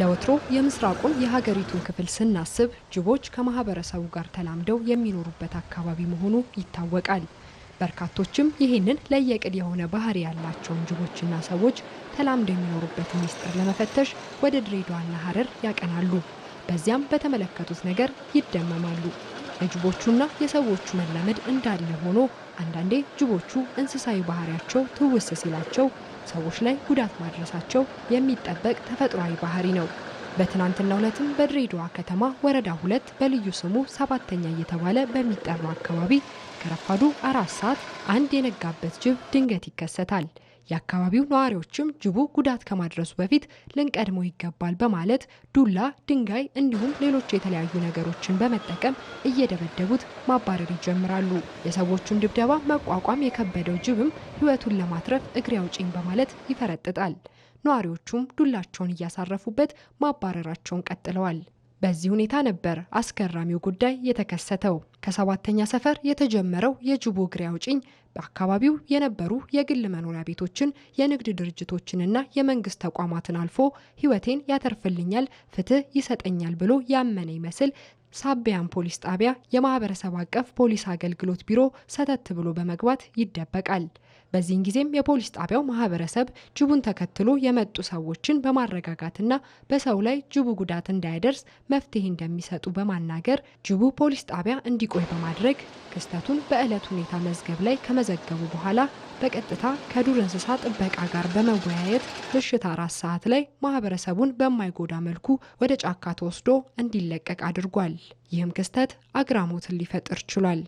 ለወትሮ የምስራቁን የሀገሪቱን ክፍል ስናስብ ጅቦች ከማህበረሰቡ ጋር ተላምደው የሚኖሩበት አካባቢ መሆኑ ይታወቃል። በርካቶችም ይህንን ለየቅል የሆነ ባህሪ ያላቸውን ጅቦችና ሰዎች ተላምደው የሚኖሩበትን ሚስጥር ለመፈተሽ ወደ ድሬዳዋና ሀረር ያቀናሉ። በዚያም በተመለከቱት ነገር ይደመማሉ። የጅቦቹና የሰዎቹ መላመድ እንዳለ ሆኖ አንዳንዴ ጅቦቹ እንስሳዊ ባህሪያቸው ትውስ ሲላቸው ሰዎች ላይ ጉዳት ማድረሳቸው የሚጠበቅ ተፈጥሯዊ ባህሪ ነው። በትናንትናው ዕለትም በድሬዳዋ ከተማ ወረዳ ሁለት በልዩ ስሙ ሰባተኛ እየተባለ በሚጠራው አካባቢ ከረፋዱ አራት ሰዓት አንድ የነጋበት ጅብ ድንገት ይከሰታል። የአካባቢው ነዋሪዎችም ጅቡ ጉዳት ከማድረሱ በፊት ልንቀድሞ ይገባል በማለት ዱላ፣ ድንጋይ እንዲሁም ሌሎች የተለያዩ ነገሮችን በመጠቀም እየደበደቡት ማባረር ይጀምራሉ። የሰዎቹን ድብደባ መቋቋም የከበደው ጅብም ሕይወቱን ለማትረፍ እግሬ አውጪኝ በማለት ይፈረጥጣል። ነዋሪዎቹም ዱላቸውን እያሳረፉበት ማባረራቸውን ቀጥለዋል። በዚህ ሁኔታ ነበር አስገራሚው ጉዳይ የተከሰተው። ከሰባተኛ ሰፈር የተጀመረው የጅቡ እግሬ አውጪኝ በአካባቢው የነበሩ የግል መኖሪያ ቤቶችን፣ የንግድ ድርጅቶችንና የመንግስት ተቋማትን አልፎ ህይወቴን ያተርፍልኛል፣ ፍትህ ይሰጠኛል ብሎ ያመነ ይመስል ሳቢያን ፖሊስ ጣቢያ የማህበረሰብ አቀፍ ፖሊስ አገልግሎት ቢሮ ሰተት ብሎ በመግባት ይደበቃል። በዚህን ጊዜም የፖሊስ ጣቢያው ማህበረሰብ ጅቡን ተከትሎ የመጡ ሰዎችን በማረጋጋትና በሰው ላይ ጅቡ ጉዳት እንዳይደርስ መፍትሄ እንደሚሰጡ በማናገር ጅቡ ፖሊስ ጣቢያ እንዲቆይ በማድረግ ክስተቱን በዕለት ሁኔታ መዝገብ ላይ ከመዘገቡ በኋላ በቀጥታ ከዱር እንስሳ ጥበቃ ጋር በመወያየት ምሽት አራት ሰዓት ላይ ማህበረሰቡን በማይጎዳ መልኩ ወደ ጫካ ተወስዶ እንዲለቀቅ አድርጓል። ይህም ክስተት አግራሞትን ሊፈጥር ችሏል።